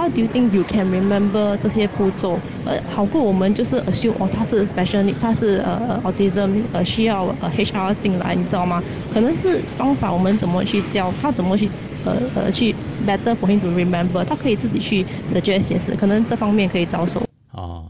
How do you think you can remember 這些步驟，呃，好過我們就是 assume 哦，他是 special，他是呃 autism，呃需要呃 HR 進來，你知道嗎？可能是方法，我們怎麼去教他，怎麼去，呃呃去 better for him to remember，他可以自己去 suggest 一些事，可能這方面可以着手。啊。